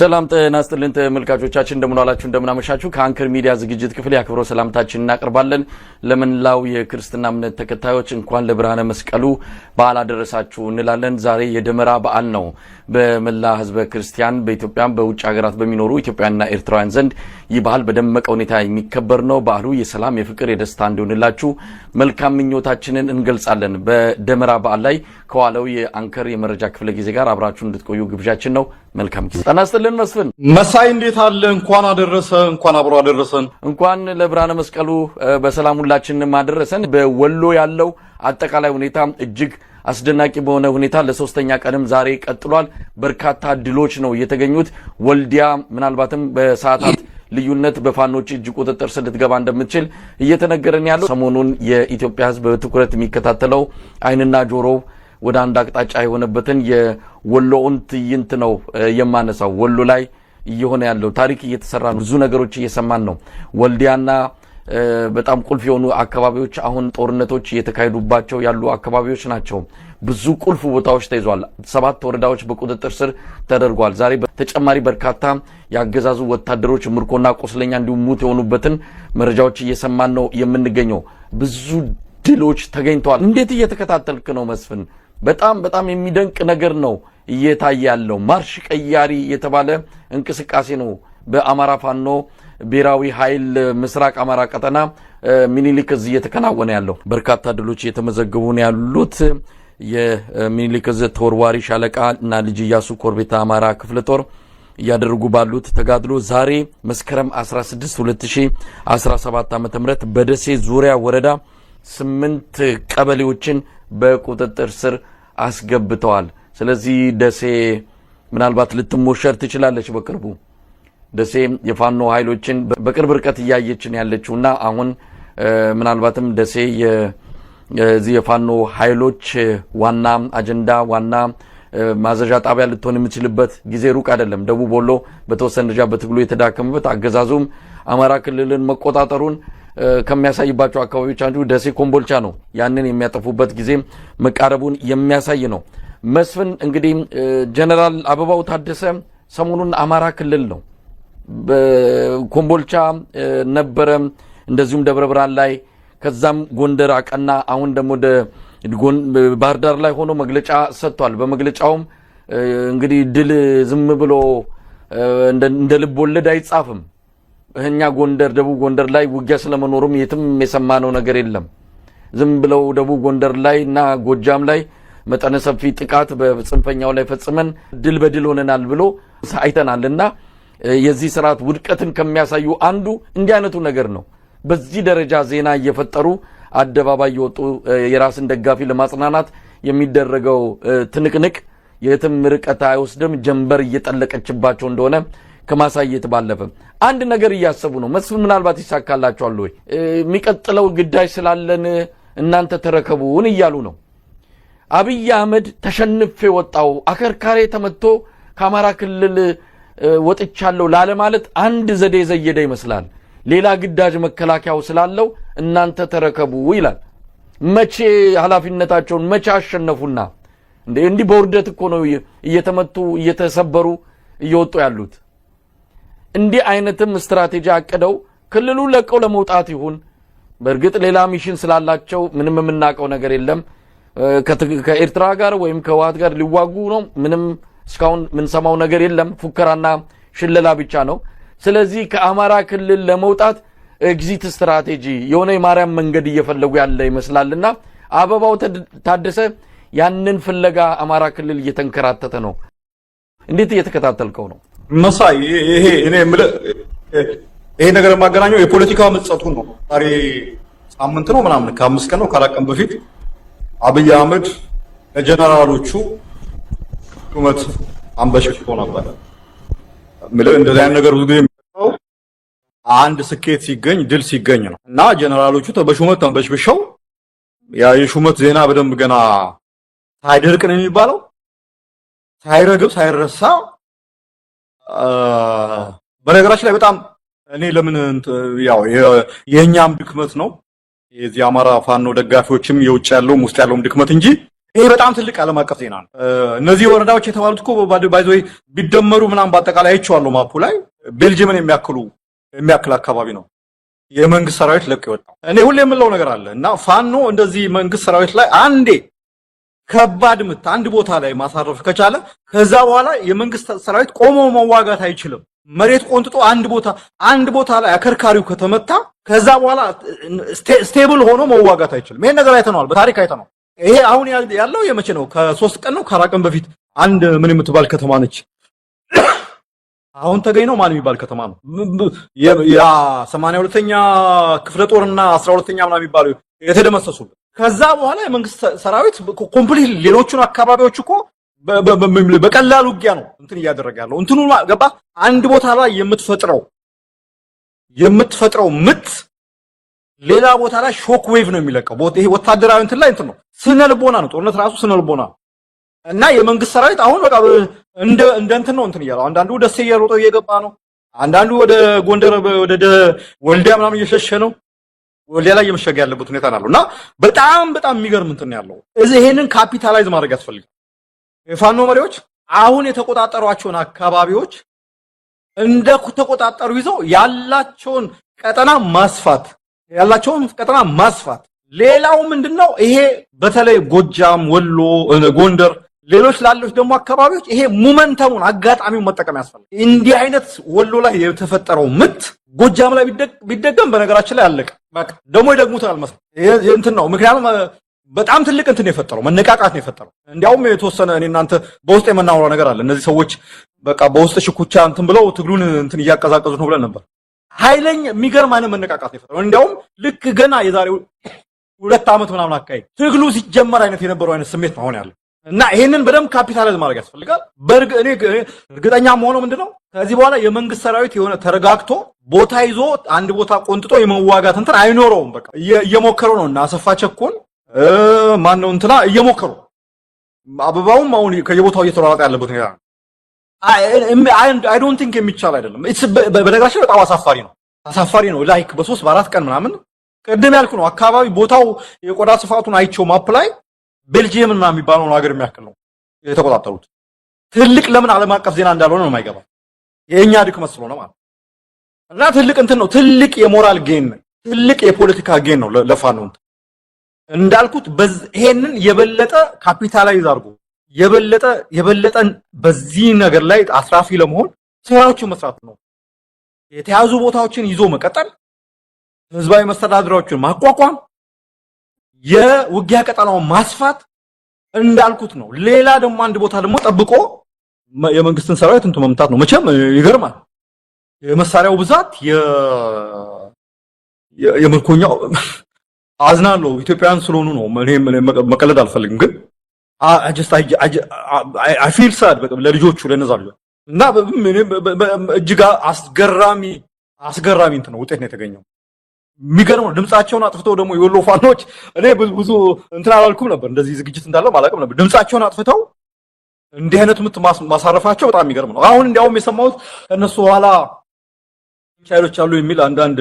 ሰላም ጤና ይስጥልን ተመልካቾቻችን፣ እንደምን እንደምናመሻችሁ። ከአንከር ሚዲያ ዝግጅት ክፍል የአክብሮ ሰላምታችን እናቀርባለን። ለመላው የክርስትና እምነት ተከታዮች እንኳን ለብርሃነ መስቀሉ በዓል አደረሳችሁ እንላለን። ዛሬ የደመራ በዓል ነው። በመላ ሕዝበ ክርስቲያን በኢትዮጵያም በውጭ ሀገራት በሚኖሩ ኢትዮጵያና ኤርትራውያን ዘንድ ይህ በዓል በደመቀ ሁኔታ የሚከበር ነው። በዓሉ የሰላም የፍቅር፣ የደስታ እንዲሆንላችሁ መልካም ምኞታችንን እንገልጻለን። በደመራ በዓል ላይ ከዋለው የአንከር የመረጃ ክፍለ ጊዜ ጋር አብራችሁ እንድትቆዩ ግብዣችን ነው። መልካም ጊዜ ጤና ይስጥልን። መስፍን መሳይ እንዴት አለ? እንኳን አደረሰ እንኳን አብሮ አደረሰን እንኳን ለብርሃነ መስቀሉ በሰላም ሁላችንም አደረሰን። በወሎ ያለው አጠቃላይ ሁኔታ እጅግ አስደናቂ በሆነ ሁኔታ ለሶስተኛ ቀንም ዛሬ ቀጥሏል። በርካታ ድሎች ነው የተገኙት። ወልዲያ ምናልባትም በሰዓታት ልዩነት በፋኖች እጅ ቁጥጥር ስር ልትገባ እንደምትችል እየተነገረን ያለው ሰሞኑን የኢትዮጵያ ሕዝብ በትኩረት የሚከታተለው አይንና ጆሮው ወደ አንድ አቅጣጫ የሆነበትን የወሎውን ትዕይንት ነው የማነሳው። ወሎ ላይ እየሆነ ያለው ታሪክ እየተሰራ ነው። ብዙ ነገሮች እየሰማን ነው። ወልዲያና በጣም ቁልፍ የሆኑ አካባቢዎች አሁን ጦርነቶች እየተካሄዱባቸው ያሉ አካባቢዎች ናቸው። ብዙ ቁልፍ ቦታዎች ተይዟል። ሰባት ወረዳዎች በቁጥጥር ስር ተደርጓል። ዛሬ ተጨማሪ በርካታ የአገዛዙ ወታደሮች ምርኮና ቁስለኛ እንዲሁም ሙት የሆኑበትን መረጃዎች እየሰማን ነው የምንገኘው። ብዙ ድሎች ተገኝተዋል። እንዴት እየተከታተልክ ነው መስፍን? በጣም በጣም የሚደንቅ ነገር ነው እየታየ ያለው። ማርሽ ቀያሪ የተባለ እንቅስቃሴ ነው በአማራ ፋኖ ብሔራዊ ኃይል ምስራቅ አማራ ቀጠና ሚኒሊክ እዝ እየተከናወነ ያለው። በርካታ ድሎች እየተመዘገቡ ነው ያሉት። የሚኒሊክ እዝ ተወርዋሪ ሻለቃ እና ልጅ እያሱ ኮር አማራ ክፍለ ጦር እያደረጉ ባሉት ተጋድሎ ዛሬ መስከረም 16 2017 ዓ ም በደሴ ዙሪያ ወረዳ ስምንት ቀበሌዎችን በቁጥጥር ስር አስገብተዋል። ስለዚህ ደሴ ምናልባት ልትሞሸር ትችላለች በቅርቡ ደሴ የፋኖ ኃይሎችን በቅርብ ርቀት እያየችን ያለችው እና አሁን ምናልባትም ደሴ የዚህ የፋኖ ኃይሎች ዋና አጀንዳ ዋና ማዘዣ ጣቢያ ልትሆን የምችልበት ጊዜ ሩቅ አይደለም። ደቡብ ወሎ በተወሰነ ደረጃ በትግሉ የተዳከመበት አገዛዙም አማራ ክልልን መቆጣጠሩን ከሚያሳይባቸው አካባቢዎች አንዱ ደሴ ኮምቦልቻ ነው። ያንን የሚያጠፉበት ጊዜ መቃረቡን የሚያሳይ ነው። መስፍን እንግዲህ ጀነራል አበባው ታደሰ ሰሞኑን አማራ ክልል ነው ኮምቦልቻ ነበረ፣ እንደዚሁም ደብረ ብርሃን ላይ ከዛም ጎንደር አቀና። አሁን ደግሞ ወደ ባህር ዳር ላይ ሆኖ መግለጫ ሰጥቷል። በመግለጫውም እንግዲህ ድል ዝም ብሎ እንደ ልብ ወለድ አይጻፍም እኛ ጎንደር፣ ደቡብ ጎንደር ላይ ውጊያ ስለመኖሩም የትም የሰማነው ነገር የለም። ዝም ብለው ደቡብ ጎንደር ላይ እና ጎጃም ላይ መጠነ ሰፊ ጥቃት በጽንፈኛው ላይ ፈጽመን ድል በድል ሆነናል ብሎ አይተናል። እና የዚህ ስርዓት ውድቀትን ከሚያሳዩ አንዱ እንዲህ አይነቱ ነገር ነው። በዚህ ደረጃ ዜና እየፈጠሩ አደባባይ የወጡ የራስን ደጋፊ ለማጽናናት የሚደረገው ትንቅንቅ የትም ርቀት አይወስድም። ጀንበር እየጠለቀችባቸው እንደሆነ ከማሳየት ባለፈ አንድ ነገር እያሰቡ ነው። መስፍን ምናልባት ይሳካላቸዋል ወይ የሚቀጥለው ግዳጅ ስላለን እናንተ ተረከቡን እያሉ ነው። አብይ አህመድ ተሸንፌ ወጣው አከርካሬ ተመቶ ከአማራ ክልል ወጥቻለሁ ላለማለት አንድ ዘዴ ዘየደ ይመስላል። ሌላ ግዳጅ መከላከያው ስላለው እናንተ ተረከቡ ይላል። መቼ ኃላፊነታቸውን መቼ አሸነፉና? እንዲህ በውርደት እኮ ነው እየተመቱ እየተሰበሩ እየወጡ ያሉት። እንዲህ አይነትም ስትራቴጂ አቅደው ክልሉን ለቀው ለመውጣት ይሁን በእርግጥ ሌላ ሚሽን ስላላቸው ምንም የምናውቀው ነገር የለም። ከኤርትራ ጋር ወይም ከህወሓት ጋር ሊዋጉ ነው። ምንም እስካሁን የምንሰማው ነገር የለም። ፉከራና ሽለላ ብቻ ነው። ስለዚህ ከአማራ ክልል ለመውጣት ኤግዚት ስትራቴጂ የሆነ የማርያም መንገድ እየፈለጉ ያለ ይመስላልና አበባው ታደሰ ያንን ፍለጋ አማራ ክልል እየተንከራተተ ነው። እንዴት እየተከታተልከው ነው? መሳይ ይሄ እኔ የምልህ ይሄ ነገር የማገናኘው የፖለቲካ ምጸቱን ነው። ዛሬ ሳምንት ነው ምናምን ከአምስት ቀን ነው ካላቀም ቀን በፊት አብይ አህመድ ለጀነራሎቹ ሹመት አንበሽሽቶ ነበር። የምልህ እንደዚህ አይነት ነገር ብዙ ጊዜ አንድ ስኬት ሲገኝ ድል ሲገኝ ነው እና ጀነራሎቹ በሹመት አንበሽብሸው ያ የሹመት ዜና በደንብ ገና ሳይደርቅ ነው የሚባለው ሳይረግብ ሳይረሳ በነገራችን ላይ በጣም እኔ ለምን ያው የእኛም ድክመት ነው የዚህ አማራ ፋኖ ደጋፊዎችም የውጭ ያለውም ውስጥ ያለውም ድክመት እንጂ ይሄ በጣም ትልቅ ዓለም አቀፍ ዜና ነው። እነዚህ ወረዳዎች የተባሉት እኮ ባይዘ ቢደመሩ ምናምን በአጠቃላይ አይቼዋለሁ ማፑ ላይ ቤልጅየምን የሚያክሉ የሚያክል አካባቢ ነው የመንግስት ሰራዊት ለቅ ይወጣ። እኔ ሁሌ የምለው ነገር አለ እና ፋኖ እንደዚህ መንግስት ሰራዊት ላይ አንዴ ከባድ ምት አንድ ቦታ ላይ ማሳረፍ ከቻለ ከዛ በኋላ የመንግስት ሰራዊት ቆሞ መዋጋት አይችልም። መሬት ቆንጥጦ አንድ ቦታ አንድ ቦታ ላይ አከርካሪው ከተመታ ከዛ በኋላ ስቴብል ሆኖ መዋጋት አይችልም። ይሄን ነገር አይተነዋል፣ በታሪክ አይተነዋል። ይሄ አሁን ያለው የመቼ ነው? ከሶስት ቀን ነው ከአራት ቀን በፊት አንድ ምን የምትባል ከተማ ነች። አሁን ተገኝ ነው ማን የሚባል ከተማ ነው ያ ሰማንያ ሁለተኛ ክፍለ ጦርና አስራ ሁለተኛ ምናምን የሚባሉ የተደመሰሱበት ከዛ በኋላ የመንግስት ሰራዊት ኮምፕሊት ሌሎቹን አካባቢዎች እኮ በቀላል ውጊያ ነው እንትን እያደረገ ያለው። እንትኑ ገባ አንድ ቦታ ላይ የምትፈጥረው የምትፈጥረው ምት ሌላ ቦታ ላይ ሾክ ዌቭ ነው የሚለቀው። ይሄ ወታደራዊ እንትን ላይ እንትን ነው፣ ስነልቦና ልቦና ነው። ጦርነት ራሱ ስነ ልቦና ነው። እና የመንግስት ሰራዊት አሁን በቃ እንደ እንትን ነው እንትን እያለው፣ አንዳንዱ ደሴ እየሮጠው እየገባ ነው። አንዳንዱ ወደ ጎንደር ወደ ወልዲያ ምናምን እየሸሸ ነው። ሌላ እየመሸገ ያለበት ሁኔታ ነው እና በጣም በጣም የሚገርም እንትን ያለው እዚህ ይሄንን ካፒታላይዝ ማድረግ ያስፈልጋል። የፋኖ መሪዎች አሁን የተቆጣጠሯቸውን አካባቢዎች እንደ ተቆጣጠሩ ይዘው ያላቸውን ቀጠና ማስፋት ያላቸውን ቀጠና ማስፋት። ሌላው ምንድነው ይሄ በተለይ ጎጃም፣ ወሎ፣ ጎንደር ሌሎች ላሎች ደግሞ አካባቢዎች ይሄ ሙመንተሙን አጋጣሚውን መጠቀም ያስፈልጋል። እንዲህ አይነት ወሎ ላይ የተፈጠረው ምት ጎጃም ላይ ቢደገም በነገራችን ላይ አለቀ። ደግሞ ይደግሙታል መሰለኝ እንትን ነው። ምክንያቱም በጣም ትልቅ እንትን የፈጠረው መነቃቃት ነው የፈጠረው። እንዲያውም የተወሰነ እኔ እናንተ በውስጥ የምናወራ ነገር አለ። እነዚህ ሰዎች በቃ በውስጥ ሽኩቻ እንትን ብለው ትግሉን እንትን እያቀዛቀዙ ነው ብለን ነበር። ኃይለኛ የሚገርም አይነት መነቃቃት ነው የፈጠረው። እንዲያውም ልክ ገና የዛሬ ሁለት ዓመት ምናምን አካባቢ ትግሉ ሲጀመር አይነት የነበረው አይነት ስሜት ነው አሁን ያለው። እና ይሄንን በደንብ ካፒታላይዝ ማድረግ ያስፈልጋል። በእርግ እኔ እርግጠኛ መሆነው ምንድነው ከዚህ በኋላ የመንግስት ሰራዊት የሆነ ተረጋግቶ ቦታ ይዞ አንድ ቦታ ቆንጥጦ የመዋጋት እንትን አይኖረውም። በቃ እየሞከሩ ነው እና አሰፋ ቸኮን ማን ነው እንትና እየሞከሩ አበባውም አሁን ከየቦታው እየተሯሯጠ ያለበት ነገር አይ ዶንት ቲንክ የሚቻል አይደለም። በነገራችን በጣም አሳፋሪ ነው አሳፋሪ ነው። ላይክ በሶስት በአራት ቀን ምናምን ቅድም ያልኩ ነው አካባቢ ቦታው የቆዳ ስፋቱን አይቸው ማፕ ላይ ቤልጅየም እና የሚባለውን ሀገር የሚያክል ነው የተቆጣጠሩት። ትልቅ ለምን ዓለም አቀፍ ዜና እንዳልሆነ ነው የማይገባ የእኛ ድክመት ስለሆነ ማለት እና ትልቅ እንትን ነው ትልቅ የሞራል ጌን ትልቅ የፖለቲካ ጌን ነው ለፋኖ ነው እንዳልኩት። ይሄንን የበለጠ ካፒታላይዝ አድርጎ የበለጠ የበለጠን በዚህ ነገር ላይ አስራፊ ለመሆን ስራዎችን መስራት ነው። የተያዙ ቦታዎችን ይዞ መቀጠል፣ ህዝባዊ መስተዳድሮችን ማቋቋም የውጊያ ቀጠናውን ማስፋት እንዳልኩት ነው። ሌላ ደግሞ አንድ ቦታ ደግሞ ጠብቆ የመንግስትን ሰራዊት እንቱ መምታት ነው። መቼም ይገርማል። የመሳሪያው ብዛት የምርኮኛው አዝናለሁ። ኢትዮጵያውያን ስለሆኑ ነው። መቀለድ አልፈልግም፣ ግን አፊል ሳድ ለልጆቹ ለነዛ ልጆ እና እጅግ አስገራሚ አስገራሚ እንትን ነው ውጤት ነው የተገኘው። የሚገርም ነው። ድምፃቸውን አጥፍተው ደግሞ የወሎ ፋኖች እኔ ብዙ እንትን አላልኩም ነበር፣ እንደዚህ ዝግጅት እንዳለው አላውቅም ነበር። ድምፃቸውን አጥፍተው እንዲህ አይነት ምት ማሳረፋቸው በጣም የሚገርም ነው። አሁን እንዲያውም የሰማሁት ከእነሱ በኋላ ቻይሎች አሉ የሚል አንዳንድ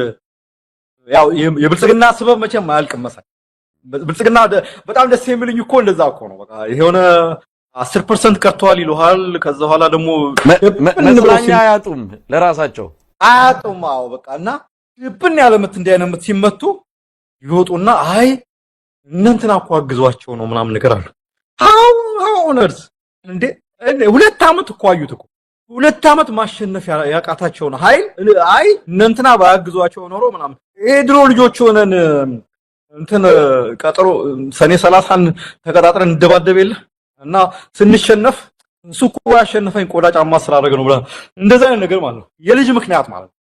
ያው የብልጽግና ስበብ መቼም አያልቅም መሳይ ብልጽግና በጣም ደስ የሚልኝ እኮ እንደዛ እኮ ነው። በቃ የሆነ አስር ፐርሰንት ቀርተዋል ይልሃል። ከዛ በኋላ ደግሞ መዝናኛ አያጡም፣ ለራሳቸው አያጡም። አዎ በቃ እና ልብን ያለ ምት እንዲህ ምት ሲመቱ ይወጡና አይ እነንትና እኮ አግዟቸው ነው ምናምን ነገር አሉ። አው አው ነርስ እንዴ ሁለት ዓመት እኮ አዩት እኮ ሁለት ዓመት ማሸነፍ ያቃታቸውን ኃይል አይ እነንትና ባያግዟቸው ኖሮ ምናምን ይሄ ድሮ ልጆች ሆነን እንትን ቀጠሮ ሰኔ ሰላሳን ተቀጣጥረን እንደባደብ የለ እና ስንሸነፍ እሱ እኮ ያሸነፈኝ ቆዳ ጫማ ስላደረገ ነው ብላ እንደዛ አይነት ነገር ማለት ነው። የልጅ ምክንያት ማለት ነው።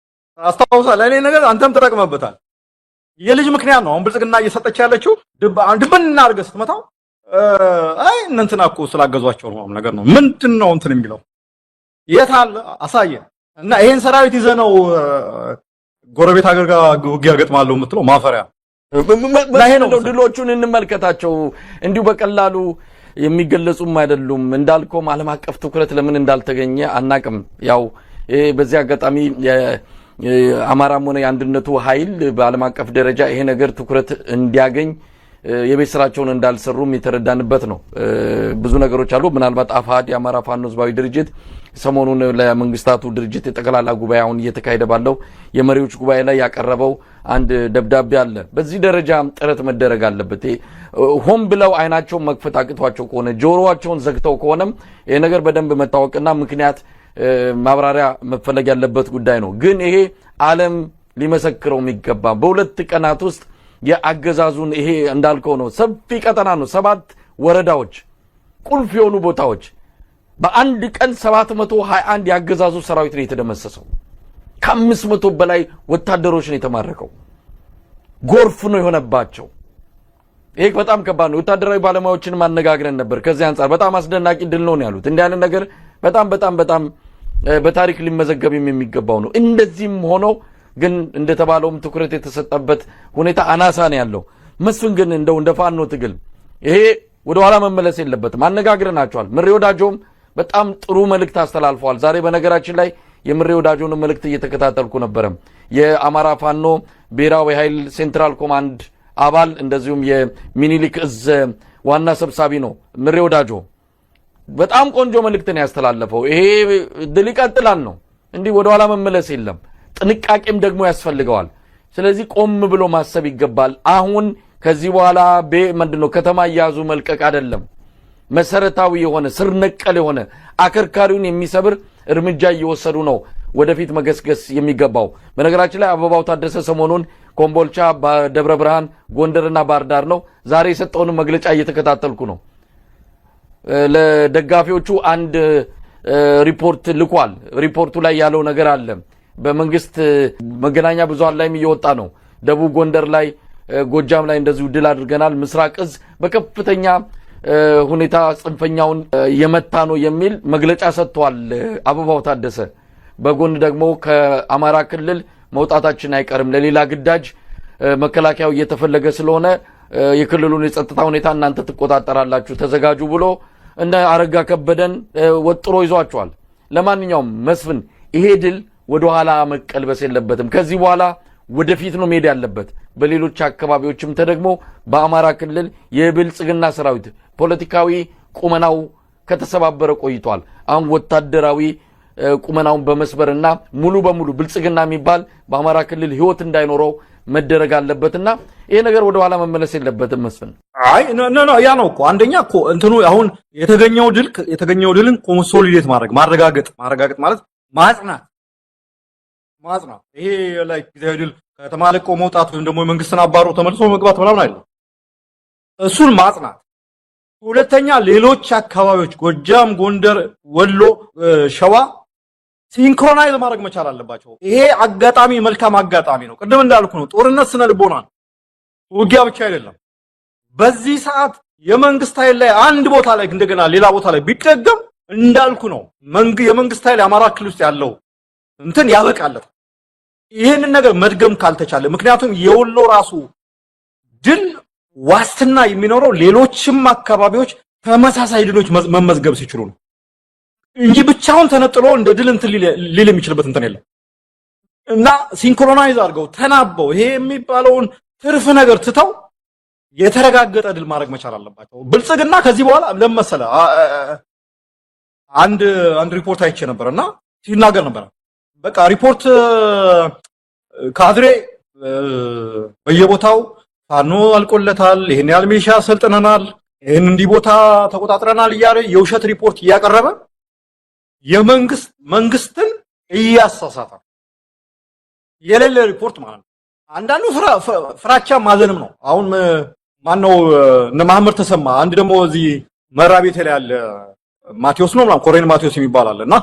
አስታውሳል። ለእኔ ነገር አንተም ተጠቅመበታል። የልጅ ምክንያት ነው። አሁን ብልጽግና እየሰጠች ያለችው ድብን አድርገህ ስትመታው አይ እነ እንትና እኮ ስላገዟቸው ነው ነገር ነው። ምንድን ነው እንትን የሚለው የት አለ አሳየን። እና ይሄን ሰራዊት ይዘህ ነው ጎረቤት ሀገር ጋር ውጊያ ገጥማለሁ የምትለው ማፈሪያ ነው። ድሎቹን እንመልከታቸው። እንዲሁ በቀላሉ የሚገለጹም አይደሉም። እንዳልከውም ዓለም አቀፍ ትኩረት ለምን እንዳልተገኘ አናቅም። ያው በዚህ አጋጣሚ አማራም ሆነ የአንድነቱ ኃይል በዓለም አቀፍ ደረጃ ይሄ ነገር ትኩረት እንዲያገኝ የቤት ስራቸውን እንዳልሰሩም የተረዳንበት ነው። ብዙ ነገሮች አሉ። ምናልባት አፋሕድ የአማራ ፋኖ ህዝባዊ ድርጅት ሰሞኑን ለመንግስታቱ ድርጅት የጠቅላላ ጉባኤ አሁን እየተካሄደ ባለው የመሪዎች ጉባኤ ላይ ያቀረበው አንድ ደብዳቤ አለ። በዚህ ደረጃ ጥረት መደረግ አለበት። ሆን ብለው አይናቸውን መክፈት አቅቷቸው ከሆነ ጆሮዋቸውን ዘግተው ከሆነም ይህ ነገር በደንብ መታወቅና ምክንያት ማብራሪያ መፈለግ ያለበት ጉዳይ ነው። ግን ይሄ ዓለም ሊመሰክረው የሚገባ በሁለት ቀናት ውስጥ የአገዛዙን ይሄ እንዳልከው ነው። ሰፊ ቀጠና ነው። ሰባት ወረዳዎች፣ ቁልፍ የሆኑ ቦታዎች በአንድ ቀን 721 የአገዛዙ ሰራዊት ነው የተደመሰሰው። ከአምስት መቶ በላይ ወታደሮች ነው የተማረከው። ጎርፍ ነው የሆነባቸው። ይህ በጣም ከባድ ነው። ወታደራዊ ባለሙያዎችን ማነጋግረን ነበር። ከዚህ አንጻር በጣም አስደናቂ ድል ነው ያሉት። እንዲህ ያለ ነገር በጣም በጣም በጣም በታሪክ ሊመዘገብም የሚገባው ነው። እንደዚህም ሆኖ ግን እንደተባለውም ትኩረት የተሰጠበት ሁኔታ አናሳ ነው ያለው። መስፍን ግን እንደው እንደ ፋኖ ትግል ይሄ ወደኋላ መመለስ የለበትም። አነጋግረናቸዋል። ምሬ ወዳጆም በጣም ጥሩ መልእክት አስተላልፈዋል። ዛሬ በነገራችን ላይ የምሬ ወዳጆን መልእክት እየተከታተልኩ ነበረ። የአማራ ፋኖ ብሔራዊ ኃይል ሴንትራል ኮማንድ አባል እንደዚሁም የሚኒሊክ እዝ ዋና ሰብሳቢ ነው ምሬ ወዳጆ በጣም ቆንጆ መልእክት ነው ያስተላለፈው። ይሄ ድል ይቀጥላል ነው እንዲህ ወደኋላ መመለስ የለም። ጥንቃቄም ደግሞ ያስፈልገዋል። ስለዚህ ቆም ብሎ ማሰብ ይገባል። አሁን ከዚህ በኋላ ነው ከተማ እያያዙ መልቀቅ አይደለም። መሰረታዊ የሆነ ስር ነቀል የሆነ አከርካሪውን የሚሰብር እርምጃ እየወሰዱ ነው ወደፊት መገስገስ የሚገባው። በነገራችን ላይ አበባው ታደሰ ሰሞኑን ኮምቦልቻ፣ ደብረ ብርሃን፣ ጎንደርና ባህር ዳር ነው። ዛሬ የሰጠውን መግለጫ እየተከታተልኩ ነው። ለደጋፊዎቹ አንድ ሪፖርት ልኳል። ሪፖርቱ ላይ ያለው ነገር አለ። በመንግስት መገናኛ ብዙኃን ላይም እየወጣ ነው። ደቡብ ጎንደር ላይ፣ ጎጃም ላይ እንደዚሁ ድል አድርገናል፣ ምስራቅ እዝ በከፍተኛ ሁኔታ ጽንፈኛውን የመታ ነው የሚል መግለጫ ሰጥቷል። አበባው ታደሰ በጎን ደግሞ ከአማራ ክልል መውጣታችን አይቀርም ለሌላ ግዳጅ መከላከያው እየተፈለገ ስለሆነ የክልሉን የጸጥታ ሁኔታ እናንተ ትቆጣጠራላችሁ፣ ተዘጋጁ ብሎ እነ አረጋ ከበደን ወጥሮ ይዟቸዋል። ለማንኛውም መስፍን ይሄ ድል ወደኋላ መቀልበስ የለበትም። ከዚህ በኋላ ወደፊት ነው መሄድ ያለበት። በሌሎች አካባቢዎችም ተደግሞ በአማራ ክልል የብልጽግና ሰራዊት ፖለቲካዊ ቁመናው ከተሰባበረ ቆይቷል። አሁን ወታደራዊ ቁመናውን በመስበርና ሙሉ በሙሉ ብልጽግና የሚባል በአማራ ክልል ሕይወት እንዳይኖረው መደረግ አለበትና ይሄ ነገር ኋላ መመለስ የለበትም መስፍን አይ ኖ ኖ ያ ነው እኮ አንደኛ እኮ እንትኑ አሁን የተገኘው ድል የተገኘው ድልን ኮንሶሊዴት ማድረግ ማረጋገጥ ማረጋገጥ ማለት ማጽናት ማጽናት ይሄ ላይ ጊዜያዊ ድል ከተማ ለቆ መውጣት ወይም ደግሞ መንግስትን አባሮ ተመልሶ መግባት ምናምን አይደለም። እሱን ማጽናት። ሁለተኛ ሌሎች አካባቢዎች ጎጃም፣ ጎንደር፣ ወሎ፣ ሸዋ ሲንክሮናይዝ ማድረግ መቻል አለባቸው። ይሄ አጋጣሚ መልካም አጋጣሚ ነው። ቅድም እንዳልኩ ነው ጦርነት ስነ ልቦና ነው፣ ውጊያ ብቻ አይደለም። በዚህ ሰዓት የመንግስት ኃይል ላይ አንድ ቦታ ላይ እንደገና ሌላ ቦታ ላይ ቢደገም እንዳልኩ ነው። የመንግስት ኃይል አማራ ክልል ውስጥ ያለው እንትን ያበቃለት። ይህንን ነገር መድገም ካልተቻለ ምክንያቱም የወሎ ራሱ ድል ዋስትና የሚኖረው ሌሎችም አካባቢዎች ተመሳሳይ ድሎች መመዝገብ ሲችሉ ነው እንጂ ብቻውን ተነጥሎ እንደ ድል እንትን ሊል የሚችልበት እንትን የለም። እና ሲንክሮናይዝ አድርገው ተናበው ይሄ የሚባለውን ትርፍ ነገር ትተው የተረጋገጠ ድል ማድረግ መቻል አለባቸው። ብልጽግና ከዚህ በኋላ ለመሰለ አንድ አንድ ሪፖርት አይቼ ነበር እና ሲናገር ነበር በቃ ሪፖርት ካድሬ በየቦታው ፋኖ አልቆለታል፣ ይሄን ያህል ሚሊሻ ሰልጥነናል፣ ይሄን እንዲህ ቦታ ተቆጣጥረናል እያለ የውሸት ሪፖርት እያቀረበ የመንግስት መንግስትን እያሳሳተ የሌለ ሪፖርት ማለት ነው። አንዳንዱ ፍራቻ ማዘንም ነው አሁን ማነው እነ ማህመድ ተሰማ አንድ ደግሞ እዚህ መራ ቤት ላይ ያለ ማቴዎስ ነው ምናምን ኮሬን ማቴዎስ የሚባል አለ እና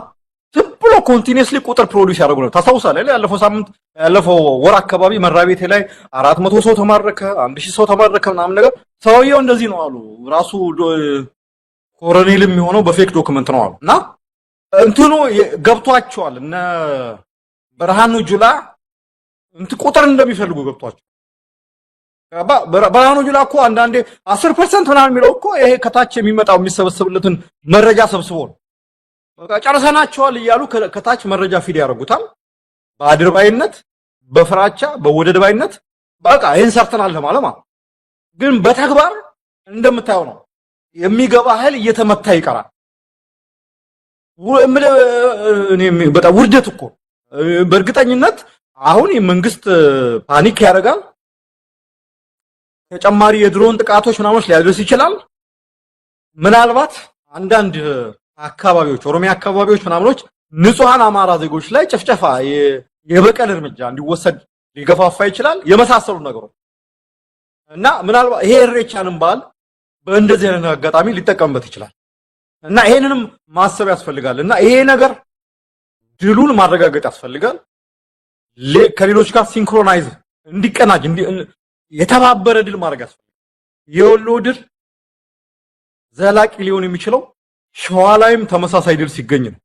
ዝም ብሎ ኮንቲኒስሊ ቁጥር ፕሮዲስ ያደርጉ ነው። ታስታውሳለህ? ያለፈው ሳምንት ያለፈው ወር አካባቢ መራ ቤቴ ላይ አራት መቶ ሰው ተማረከ፣ አንድ ሺህ ሰው ተማረከ ምናምን ነገር። ሰውየው እንደዚህ ነው አሉ ራሱ ኮሎኔል የሚሆነው በፌክ ዶክመንት ነው አሉ እና እንትኑ ገብቷቸዋል። እነ ብርሃኑ ጁላ እንት ቁጥር እንደሚፈልጉ ገብቷቸው ብርሃኑ ጁላ እኮ አንዳንዴ አስር ፐርሰንት ምናምን የሚለው እኮ ይሄ ከታች የሚመጣው የሚሰበሰብለትን መረጃ ሰብስቦ ነው። ጨርሰናቸዋል እያሉ ከታች መረጃ ፊድ ያደርጉታል። በአድርባይነት፣ በፍራቻ፣ በወደድባይነት በቃ ይህን ሰርተናል ለማለት ማለት ግን በተግባር እንደምታየው ነው። የሚገባ ኃይል እየተመታ ይቀራል። በጣም ውርደት እኮ በእርግጠኝነት አሁን የመንግስት ፓኒክ ያደርጋል። ተጨማሪ የድሮን ጥቃቶች ምናምን ሊያደርስ ይችላል። ምናልባት አንዳንድ አካባቢዎች ኦሮሚያ አካባቢዎች ምናምኖች ንጹሐን አማራ ዜጎች ላይ ጭፍጨፋ፣ የበቀል እርምጃ እንዲወሰድ ሊገፋፋ ይችላል የመሳሰሉ ነገሮች እና ምናልባት ይሄ እሬቻንም በዓል በእንደዚህ አይነት አጋጣሚ ሊጠቀምበት ይችላል እና ይሄንንም ማሰብ ያስፈልጋል እና ይሄ ነገር ድሉን ማረጋገጥ ያስፈልጋል። ከሌሎች ጋር ሲንክሮናይዝ እንዲቀናጅ የተባበረ ድል ማድረግ ያስፈልጋል። የወሎ ድል ዘላቂ ሊሆን የሚችለው ሸዋ ላይም ተመሳሳይ ድል ሲገኝ ነው።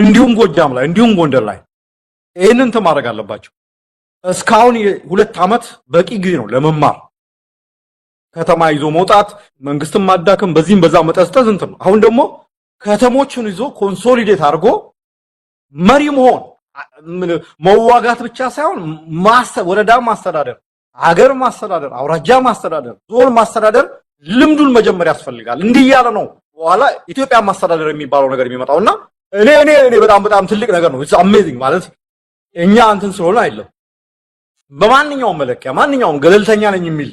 እንዲሁም ጎጃም ላይ እንዲሁም ጎንደር ላይ ይህንን ማድረግ አለባቸው። እስካሁን ሁለት ዓመት በቂ ጊዜ ነው ለመማር ከተማ ይዞ መውጣት መንግስትን ማዳከም በዚህም በዛ መጠስጠዝ እንትን ነው። አሁን ደግሞ ከተሞችን ይዞ ኮንሶሊዴት አድርጎ መሪ መሆን መዋጋት ብቻ ሳይሆን ወረዳ ማስተዳደር ሀገር ማስተዳደር፣ አውራጃ ማስተዳደር፣ ዞን ማስተዳደር ልምዱን መጀመር ያስፈልጋል። እንዲህ እያለ ነው በኋላ ኢትዮጵያ ማስተዳደር የሚባለው ነገር የሚመጣው እና እኔ እኔ እኔ በጣም በጣም ትልቅ ነገር ነው። አሜዚንግ ማለት እኛ እንትን ስለሆነ አይደለም። በማንኛውም መለኪያ ማንኛውም ገለልተኛ ነኝ የሚል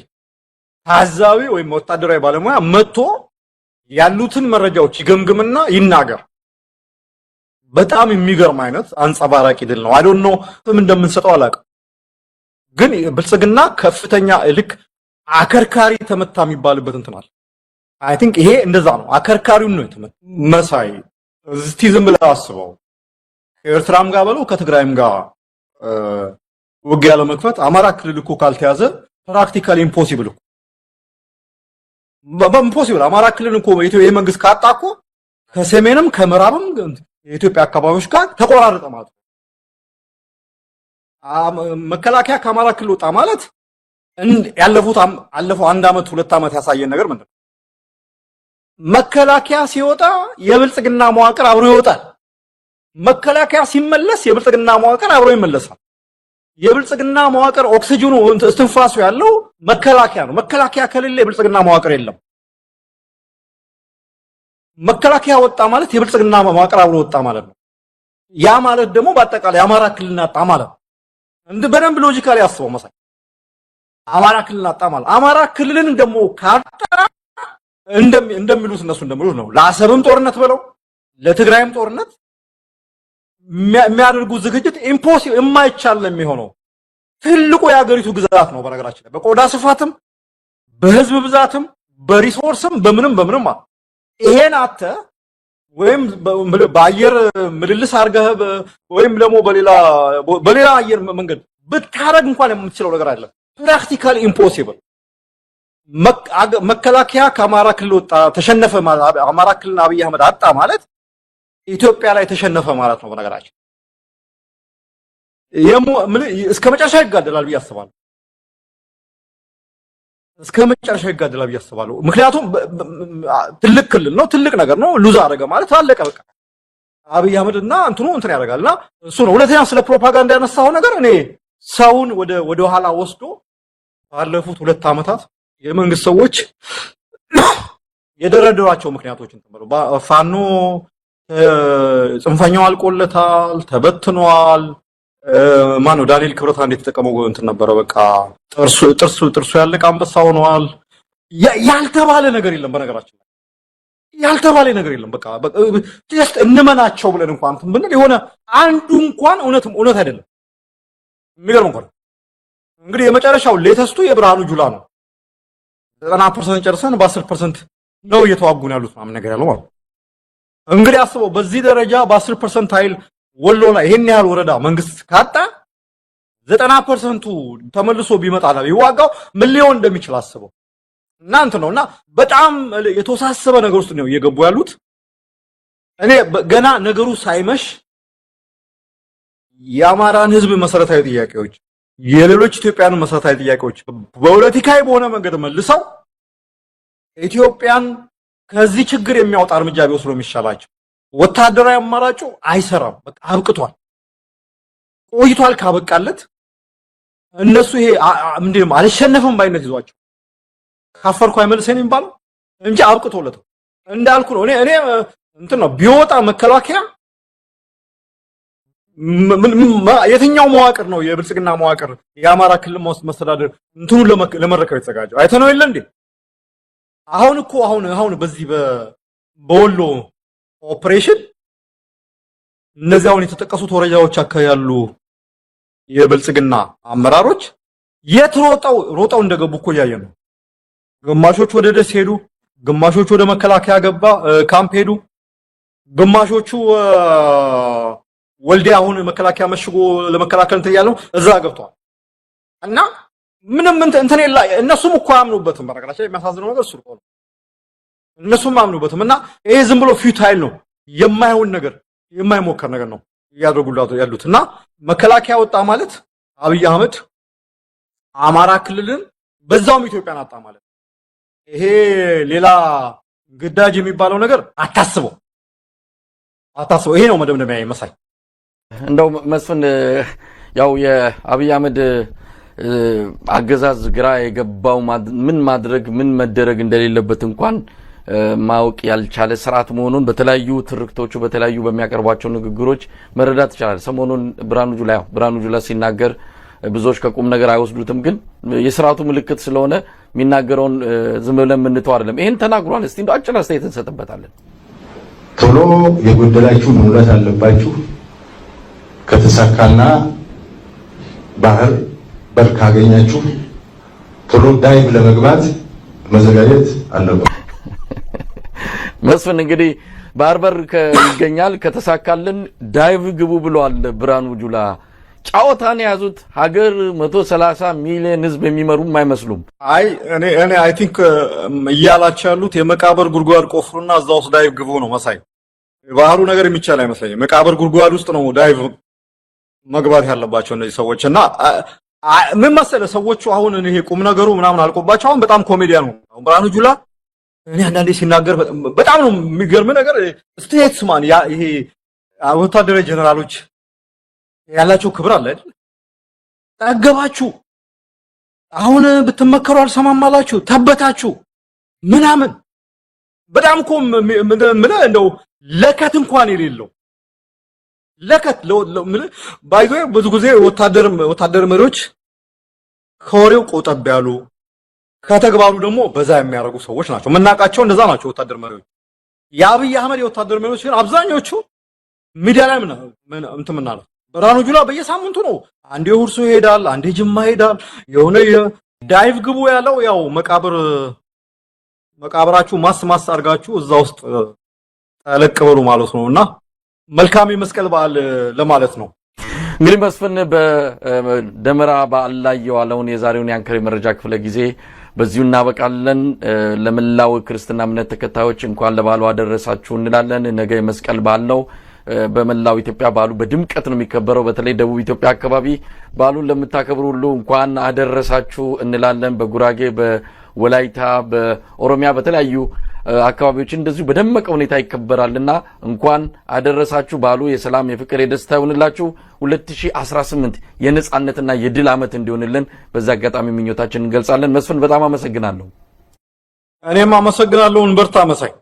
ታዛቢ ወይም ወታደራዊ ባለሙያ መጥቶ ያሉትን መረጃዎች ይገምግምና ይናገር። በጣም የሚገርም አይነት አንጸባራቂ ድል ነው። አይዶን ነው ምን እንደምንሰጠው አላውቅም። ግን ብልጽግና ከፍተኛ ልክ አከርካሪ ተመታ የሚባልበት እንትን አለ። አይ ቲንክ ይሄ እንደዛ ነው። አከርካሪውን ነው የተመታ። መሳይ እስቲ ዝም ብለህ አስበው። ከኤርትራም ጋር በለው ከትግራይም ጋር ውጊያ ለመክፈት አማራ ክልል እኮ ካልተያዘ ፕራክቲካሊ ኢምፖሲብል እኮ ኢምፖሲብል። አማራ ክልል እኮ ይህ መንግስት ካጣ እኮ ከሰሜንም ከምዕራብም የኢትዮጵያ አካባቢዎች ጋር ተቆራረጠ ማለት መከላከያ ከአማራ ክልል ወጣ ማለት ያለፉት አለፈው አንድ ዓመት ሁለት ዓመት ያሳየን ነገር ምንድን ነው? መከላከያ ሲወጣ የብልጽግና መዋቅር አብሮ ይወጣል። መከላከያ ሲመለስ የብልጽግና መዋቅር አብሮ ይመለሳል። የብልጽግና መዋቅር ኦክሲጅኑ እስትንፋሱ ያለው መከላከያ ነው። መከላከያ ከሌለ የብልጽግና መዋቅር የለም። መከላከያ ወጣ ማለት የብልጽግና መዋቅር አብሮ ወጣ ማለት ነው። ያ ማለት ደግሞ በአጠቃላይ አማራ ክልል እናጣ ማለት ነው። እንደ በደንብ ሎጂካሊ አስበው መሳይ አማራ ክልል አጣ ማለት አማራ ክልልን ደግሞ ካጣ እንደሚሉት እነሱ እንደሚሉት ነው። ለአሰብም ጦርነት ብለው ለትግራይም ጦርነት የሚያደርጉት ዝግጅት ኢምፖሲብል የማይቻል የሚሆነው ትልቁ የአገሪቱ ግዛት ነው። በነገራችን ላይ በቆዳ ስፋትም በህዝብ ብዛትም በሪሶርስም በምንም በምንም ይሄን አተ ወይም በአየር ምልልስ አድርገህ ወይም ደግሞ በሌላ በሌላ አየር መንገድ ብታረግ እንኳን የምትችለው ነገር አይደለም። ፕራክቲካል ኢምፖሲብል። መከላከያ ከአማራ ክልል ወጣ ተሸነፈ፣ አማራ ክልል አብይ አህመድ አጣ ማለት ኢትዮጵያ ላይ ተሸነፈ ማለት ነው። በነገራችን እስከ መጨረሻ ይጋደላል ብዬ አስባለሁ። እስከ መጨረሻ ይጋደላ ብዬ አስባለሁ። ምክንያቱም ትልቅ ክልል ነው፣ ትልቅ ነገር ነው። ሉዝ አደረገ ማለት አለቀ በቃ። አብይ አህመድ እና እንትኑ እንትን ያደርጋል እና እሱ ነው። ሁለተኛ ስለ ፕሮፓጋንዳ ያነሳው ነገር እኔ ሰውን ወደ ወደ ኋላ ወስዶ ባለፉት ሁለት ዓመታት የመንግስት ሰዎች የደረደሯቸው ምክንያቶችን ተመሩ። ፋኖ ጽንፈኛው አልቆለታል፣ ተበትኗል ማን ነው ዳንኤል ክብረት አንድ የተጠቀመው እንትን ነበረ። በቃ ጥርሱ ጥርሱ ጥርሱ ያለቀ አንበሳ ሆነዋል። ያልተባለ ነገር የለም። በነገራችን ያልተባለ ነገር የለም። በቃ ጀስት እንመናቸው ብለን እንኳን እንትን ብንል የሆነ አንዱ እንኳን እውነትም እውነት አይደለም። የሚገርም እንኳን እንግዲህ የመጨረሻው ሌተስቱ የብርሃኑ ጁላ ነው። ዘጠና ፐርሰንት ጨርሰን በአስር ፐርሰንት ነው እየተዋጉን ያሉት ምናምን ነገር ያለው ማለት እንግዲህ አስበው በዚህ ደረጃ በአስር ፐርሰንት ኃይል ወሎ ላይ ይሄን ያህል ወረዳ መንግስት ካጣ ዘጠና ፐርሰንቱ ተመልሶ ቢመጣ ቢዋጋው ምን ሊሆን እንደሚችል አስበው እናንት ነው እና በጣም የተወሳሰበ ነገር ውስጥ ነው እየገቡ ያሉት። እኔ ገና ነገሩ ሳይመሽ የአማራን ህዝብ መሰረታዊ ጥያቄዎች፣ የሌሎች ኢትዮጵያን መሰረታዊ ጥያቄዎች ፖለቲካዊ በሆነ መንገድ መልሰው ኢትዮጵያን ከዚህ ችግር የሚያወጣ እርምጃ ቢወስዱ ነው የሚሻላቸው። ወታደራዊ አማራጩ አይሰራም። በቃ አብቅቷል፣ ቆይቷል። ካበቃለት እነሱ ይሄ ምንድነው አልሸነፍም ባይነት ይዟቸው ካፈርኩ አይመልሰኝ የሚባለው እንጂ አብቅቶለታል። እንዳልኩ ነው እኔ እኔ እንትን ነው ቢወጣ መከላከያ የትኛው መዋቅር ነው የብልጽግና መዋቅር የአማራ ክልል መስተዳደር እንትኑ ለመረከብ የተዘጋጀው አይተነው የለ እንዴ? አሁን እኮ አሁን አሁን በዚህ በወሎ ኦፕሬሽን እነዚህ አሁን የተጠቀሱት ወረጃዎች አካባቢ ያሉ የብልጽግና አመራሮች የት ሮጠው ሮጠው እንደገቡ እኮ እያየ ነው። ግማሾች ወደ ደስ ሄዱ፣ ግማሾቹ ወደ መከላከያ ገባ ካምፕ ሄዱ፣ ግማሾቹ ወልዴ አሁን መከላከያ መሽጎ ለመከላከል እንትን እያለ ነው እዛ ገብቷል። እና ምንም እንትን እንትን እነሱም እኮ አያምኑበትም። በነገራችን የሚያሳዝነው ነገር እሱ ነው። እነሱም አምኑበትም እና ይሄ ዝም ብሎ ፊውታይል ነው የማይሆን ነገር የማይሞከር ነገር ነው እያደረጉላት ያሉት እና መከላከያ ወጣ ማለት አብይ አህመድ አማራ ክልልን በዛውም ኢትዮጵያን አጣ ማለት ይሄ ሌላ ግዳጅ የሚባለው ነገር አታስበው አታስበው። ይሄ ነው መደምደሚያ መሳይ። እንደው መስፍን ያው የአብይ አህመድ አገዛዝ ግራ የገባው ምን ማድረግ ምን መደረግ እንደሌለበት እንኳን ማወቅ ያልቻለ ስርዓት መሆኑን በተለያዩ ትርክቶቹ በተለያዩ በሚያቀርቧቸው ንግግሮች መረዳት ይቻላል። ሰሞኑን ብርሃኑ ጁላ ብርሃኑ ጁላ ሲናገር ብዙዎች ከቁም ነገር አይወስዱትም፣ ግን የስርዓቱ ምልክት ስለሆነ የሚናገረውን ዝም ብለን የምንተው አይደለም። ይህን ተናግሯል። እስቲ እንደ አጭር አስተያየት እንሰጥበታለን። ቶሎ የጎደላችሁ መሙላት አለባችሁ። ከተሳካና ባህር በር ካገኛችሁ ቶሎ ዳይቭ ለመግባት መዘጋጀት አለበት። መስፍን እንግዲህ ባህር በር ይገኛል። ከተሳካልን ዳይቭ ግቡ ብለዋል ብርሃኑ ጁላ። ጫወታን የያዙት ሀገር መቶ ሰላሳ ሚሊዮን ህዝብ የሚመሩም አይመስሉም። አይ እኔ እኔ አይ ቲንክ እያላቸው ያሉት የመቃብር ጉድጓድ ቆፍሩና እዛ ውስጥ ዳይቭ ግቡ ነው መሳይ። የባህሩ ነገር የሚቻል አይመስለኝም። መቃብር ጉድጓድ ውስጥ ነው ዳይቭ መግባት ያለባቸው እነዚህ ሰዎች እና ምን መሰለ ሰዎቹ አሁን ይሄ ቁም ነገሩ ምናምን አልቆባቸው አሁን በጣም ኮሜዲያ ነው ብርሃኑ ጁላ እኔ አንዳንዴ ሲናገር በጣም ነው የሚገርም ነገር ስቴትስማን ይሄ ወታደራዊ ጀነራሎች ያላቸው ክብር አለ አይደል? ጠገባችሁ፣ አሁን ብትመከሩ አልሰማም አላችሁ፣ ተበታችሁ ምናምን በጣም እኮ ምን እንደው ለከት እንኳን የሌለው ለከት ምን ባይዞ ብዙ ጊዜ ወታደር ወታደር መሪዎች ከወሬው ቆጠብ ያሉ ከተግባሩ ደግሞ በዛ የሚያደርጉ ሰዎች ናቸው። የምናውቃቸው እንደዛ ናቸው ወታደር መሪዎች። የአብይ አህመድ የወታደር መሪዎች ሲሆን አብዛኞቹ ሚዲያ ላይ እንትን ምናለት ብርሃኑ ጁላ በየሳምንቱ ነው። አንዴ ሁርሶ ይሄዳል፣ አንዴ ጅማ ይሄዳል። የሆነ ዳይቭ ግቡ ያለው ያው መቃብር መቃብራችሁ ማስ ማስ አድርጋችሁ እዛ ውስጥ ጠለቅ በሉ ማለት ነው እና መልካም የመስቀል በዓል ለማለት ነው። እንግዲህ መስፍን በደመራ በዓል ላይ የዋለውን የዛሬውን የአንከር መረጃ ክፍለ ጊዜ በዚሁ እናበቃለን። ለመላው ክርስትና እምነት ተከታዮች እንኳን ለበዓሉ አደረሳችሁ እንላለን። ነገ የመስቀል በዓል ነው። በመላው ኢትዮጵያ በዓሉ በድምቀት ነው የሚከበረው። በተለይ ደቡብ ኢትዮጵያ አካባቢ በዓሉን ለምታከብሩ ሁሉ እንኳን አደረሳችሁ እንላለን። በጉራጌ፣ በወላይታ፣ በኦሮሚያ በተለያዩ አካባቢዎች እንደዚሁ በደመቀ ሁኔታ ይከበራልና እንኳን አደረሳችሁ ባሉ የሰላም የፍቅር የደስታ ይሆንላችሁ። 2018 የነጻነትና የድል ዓመት እንዲሆንልን በዛ አጋጣሚ ምኞታችን እንገልጻለን። መስፍን በጣም አመሰግናለሁ። እኔም አመሰግናለሁ። እንበርታ መሳይ